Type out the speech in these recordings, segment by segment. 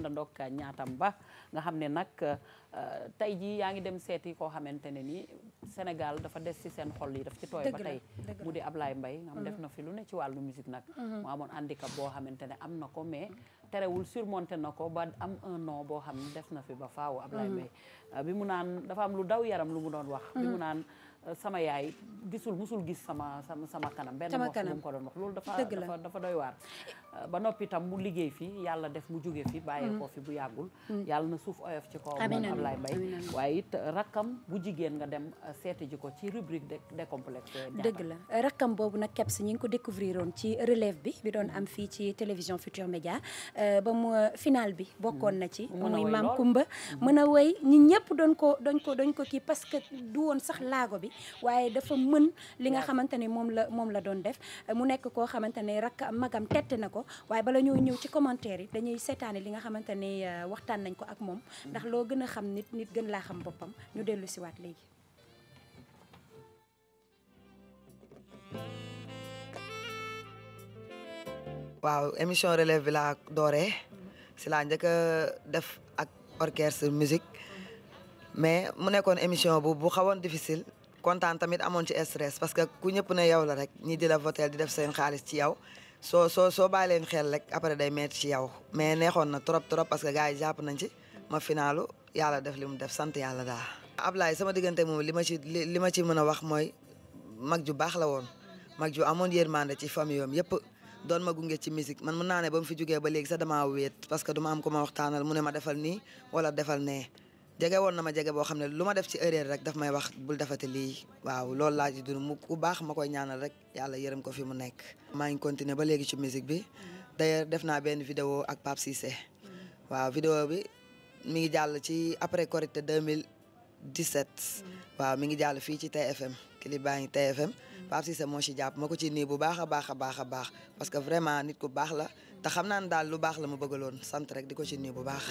da àndandoog ñaatam ba nga xam ne nag euh, tey jii yaa ngi dem seeti koo xamante ne nii Sénégal dafa des ci seen xol yi daf ci tooy ba tey mu di Ablaye Mbaye nga xam def mhm. na fi lu ne ci wàllu musique nag mhm. mu amoon handicap boo xamante ne am na ko mais terewul surmonté na ko ba am un nom boo xam ne def na fi ba faaw Ablaye mhm. Mbaye euh, bi mu naan dafa am lu daw yaram lu mu doon wax bi mu naan Euh, sama yaay gisul musul gis sama sama sama kanam benn wax bu mu ko doon wax loolu dafa dafa dafa doy waar euh, ba noppi tam mu liggéey fi yàlla def mu jóge fi bàyyee ko mm. fi bu yàggul mm. yàlla na suuf oyof ci kaw moom Ablaye Mbaye waaye it euh, rakkam bu jigéen nga dem seeti ji ko ci rubrique de décomplexé dëgg la rakkam boobu nag Kebs ñi ngi ko découvrir oon ci relève bi bi doon am fii ci télévision Futur Média ba mu final bi bokkoon na ci muy maam Kumba mm-hmm. mën a woy ñi ñëpp doon ko doñ ko doñ ko kii parce que du woon sax laago bi waaye dafa mën li nga xamante ne moom la moom la doon def mu nekk koo xamante ne rakk magam tette na ko waaye bala ñoo ñëw ci commentaire yi dañuy seetaane li nga xamante ne euh, waxtaan nañ ko ak moom mm-hmm. ndax loo gën a xam nit nit gën laa xam boppam ñu dellu si waat léegi waaw émission relève bi laa dooree si laa njëkk def ak orchestre musique mm-hmm. mais mu nekkoon émission bu bu xawoon difficile kontaan tamit amoon ci stress parce que ku ñëpp na yow la rek ñi di la votel di def seen xaalis ci yow soo soo soo leen xel rek après day metti ci yow mais neexoon na trop trop parce que gars yi jàpp nañ ci ma finaalu yàlla def li mu def sant yàlla daal. laay sama diggante moom li ma ci li ma ci mën a wax mooy mag ju baax la woon mag ju amoon yërmande ci famille yoom yëpp doon ma gunge ci musique man mën naa ne ba mu fi jógee ba léegi sa damaa wéet parce que duma am ko ma waxtaanal mu ne ma defal nii wala defal nee. jege woon na ma jege boo xam ne lu ma def ci erreur rek daf may wax bul defati lii waaw loolu laa ci dund mu ku baax ma koy ñaanal rek yàlla yërëm ko fi mu nekk. maa ngi continuer ba léegi ci musique bi mm. d'ailleurs def naa benn video ak Pape Cissé mm. waaw vidéo bi mi ngi jàll ci après Korité 2017 mm. waaw mi ngi jàll fii ci TFM kili baa ngi TFM Pape Cissé moo ci jàpp ma ko ci nii bu baax a baax a baax a baax parce que vraiment nit ku baax la te xam naa ne daal lu baax la ma bëggaloon sant rek di ko ci nii bu baax.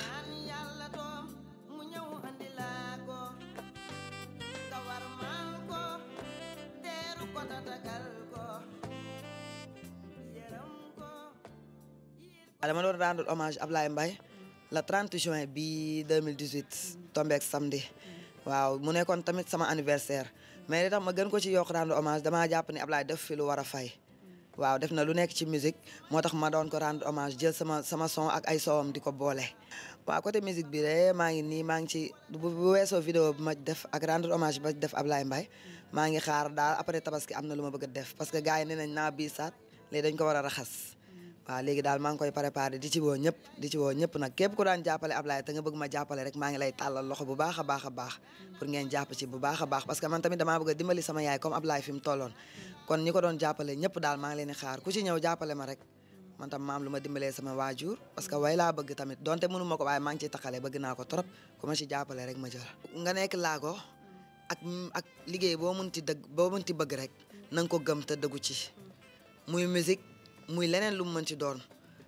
ko ta tagal ko yërëm ko dama doon rendre hommage Ablaye Mbaye le 30 juin bi 2018 tombeek samedi waaw mu nekkoon tamit sama anniversaire mais li tax ma gën ko ci yokk rendre hommage damaa jàpp ni Ablaye def fi lu war a fay waaw def na lu nekk ci musique moo tax ma doon ko rendre hommage jël sama sama son ak ay soowam di ko boole. waaw côté musique bi de maa ngi nii maa ngi ci bu weesoo vidéo bu ma def ak rendre hommage ba def Ablaye Mbaye maa ngi xaar daal après tabaski am na lu ma bëgg def parce que gars yi nee nañ naa bii saat léegi dañ ko war a raxas. waaw léegi daal maa ngi koy préparé di ci woo ñëpp di ci woo ñëpp nag képp ku daan jàppale Ablaye te nga bëgg ma jàppale rek maa ngi lay tàllal loxo bu baax a baax a baax pour ngeen jàpp ci bu baax a baax parce que man tamit damaa bëgg a dimbali sama yaay comme Ablaye fi mu kon ñi ko doon jàppale ñëpp daal maa ngi xaar ku ci ñëw jàppale ma rek man tam maam lu ma dimbalee sama waajur parce que way laa bëgg tamit donte mënu ma ko waaye maa ngi ciy taxalee bëgg naa ko trop ku ma ci jàppale rek ma jël nga nekk ak liggéey boo munti dëgg boo munti bëgg rek na nga ko gëm te dëggu ci muy muy leneen lu mu mën ci doon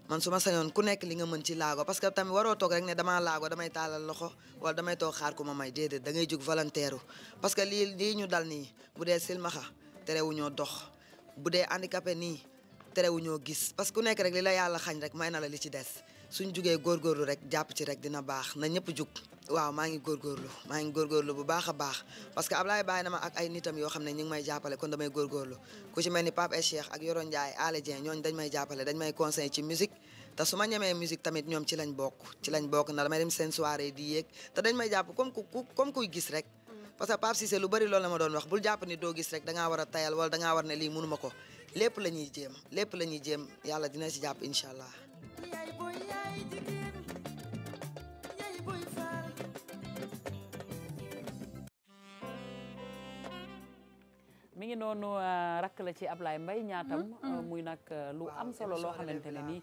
man su ma sañoon ku nekk li nga mën ci laago parce que tamit waroo toog rek ne damaa laago damay taalal loxo wala damay toog xaar ku ma may déedéet da ngay jug volontaire parce que lii lii ñu dal nii bu dee silmaxa terewuñoo dox bu dee handicapé nii tere terewuñoo gis parce que ku nekk rek li la yàlla xañ rek may na la li ci des suñ jugee góorgóorlu rek jàpp ci rek dina baax na ñëpp jug waaw maa ngi góorgóorlu maa ngi góorgóorlu bu baax a baax parce que Ablaye bàyyi na ma ak ay nitam yoo xam ne ñu ngi may jàppale kon damay góorgóorlu ku ci mel ni Pape et Cheikh ak Yoro Ndiaye Alé Dieng dañ may jàppale dañ may conseil ci musique te su ma ñemee musique tamit ñoom ci lañ bokk ci lañ bokk na damay dem seen soirée di yéeg te dañ may jàpp comme ku comme kuy gis rek parce que Pape Cissé lu bari lool la ma doon wax bul jàpp ni doo gis rek dangaa war a tayal wala dangaa war ne lii ko lépp la ñuy jéem lépp la ñuy jéem yàlla dina ci jàpp incha allah yaay booy yaay jigéen mi ngi noonu euh, rakk la ci Ablaye Mbaye ñaatam mm-hmm. euh, muy nag euh, lu am solo loo xamante ne ni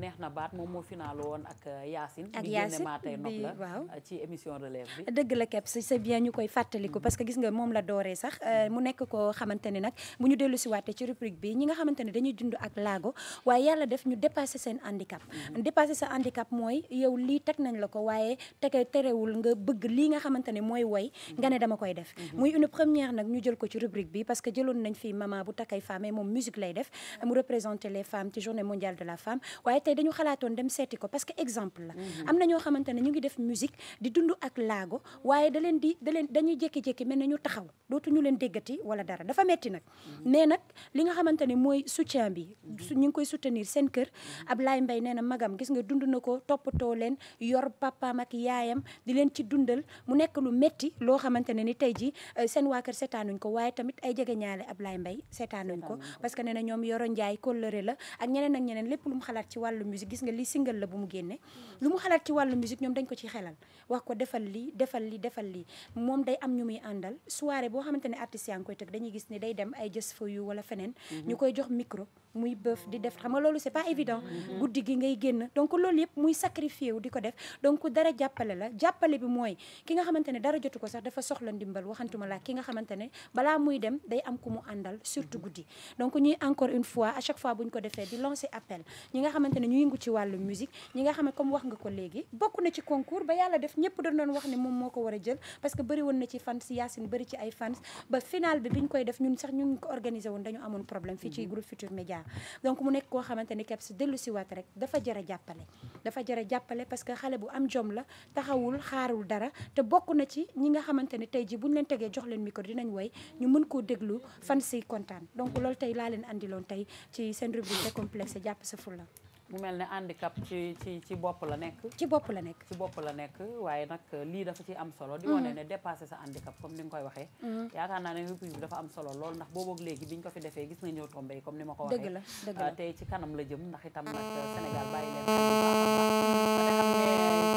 neex na baat moom moo finaal woon ak Yacine ak Yacine maa tey nopp la waaw ci émission relève bi dëgg la kepp si c'est bien ñu koy fàttaliku parce que gis nga moom la dooree sax mu nekk koo xamante ne nag bu ñu dellu si waate ci rubrique bi ñi nga xamante ne dañuy dund ak laago waaye yàlla def ñu dépassé seen handicap mm-hmm. dépassé sa handicap mooy yow lii teg nañ la ko waaye tege terewul nga bëgg lii nga xamante ne mooy woy nga ne mm-hmm. dama koy def muy une première nag ñu jël ko ci rubrique bi parce que jëloon nañ fi maman bu takkay femme moom musique lay def mu représenter les femmes ci journée mondiale de la femme waaye tey dañu xalaatoon dem seeti ko parce que exemple la mhm. am na ñoo xamante ne ñu ngi def musique di dund ak laago waaye da leen di da leen dañuy jékki-jékki mel ne ñu taxaw dootuñu leen déggati wala dara dafa metti nag mhm. mais nag li nga xamante ne mooy soutien bi mhm. ñu ngi koy soutenir seen kër Ablaye Mbaye nee na magam gis nga dund na ko toppatoo leen yor papaam ak yaayam di leen ci dundal mu nekk lu metti loo xamante ne ni tey ji euh, seen waa kër seetaanuñ ko waaye tamit jege ñaale Ablaye Mbaye seetaanuñ ko parce que nee na ñoom Yoro Ndiaye kóllëre la ak ñeneen ak ñeneen lépp lu mu xalaat ci wàllu musique gis nga li single la bu mu génne lu mu xalaat ci wàllu musique ñoom dañ ko ci xelal wax ko defal lii defal lii defal lii moom day am ñu muy àndal soirée boo xamante ne artistes yaa ngi koy tëgg dañuy gis ni day dem ay jës fa yu wala feneen mm-hmm. ñu koy jox micro muy bëf di def xam nga loolu c'est pas évident mm-hmm. guddi gi ngay génn donc loolu yëpp muy sacrifié wu di ko def donc dara jàppale la jàppale bi mooy ki nga xamante ne dara jotu sax dafa soxla ndimbal waxantuma laa ki nga xamante ne balaa muy dem day am ku mu àndal surtout guddi donc ñuy encore une fois à chaque fois bu ñu ko defee di lancer appel ñi nga xamante ne ñu yëngu ci wàllu musique ñi nga xam ne comme wax nga ko léegi bokk na ci concours ba yàlla def ñëpp doon wax ne moom moo ko war a jël parce que bëri woon na ci fans Yacine bëri ci ay ñu ngi ko organiser woon dañu amoon problème fii ci mm-hmm. groupe Futur Média donc mu nekk koo xamante ni Kebs dellu si waat rek dafa jar jàppale dafa jar jàppale parce que xale bu am jom la taxawul xaarul dara te bokk na ci ñi nga xamante ni tey ji buñ leen tegee jox leen micro dinañ woy ñu mën koo déglu fan si kontaan donc loolu tey laa leen andiloon tey ci seen rubrique complexe jàpp sa fulla mu mel ne handicap ci ci ci bopp la nekk. ci bopp la nekk. ci bopp la nekk waaye nag euh, lii dafa ci am solo. di wane mhm. ne dépassé sa handicap comme ni nga koy waxee. Mhm. yaakaar naa ne reprise bi dafa am solo lool ndax boobu ak léegi biñ ko fi defee gis nga ñëw tombé comme ni ma ko waxee. dëgg la dëgg la euh, tey ci kanam la jëm ndax itam nag euh, Sénégal bàyyi leen. Mhm.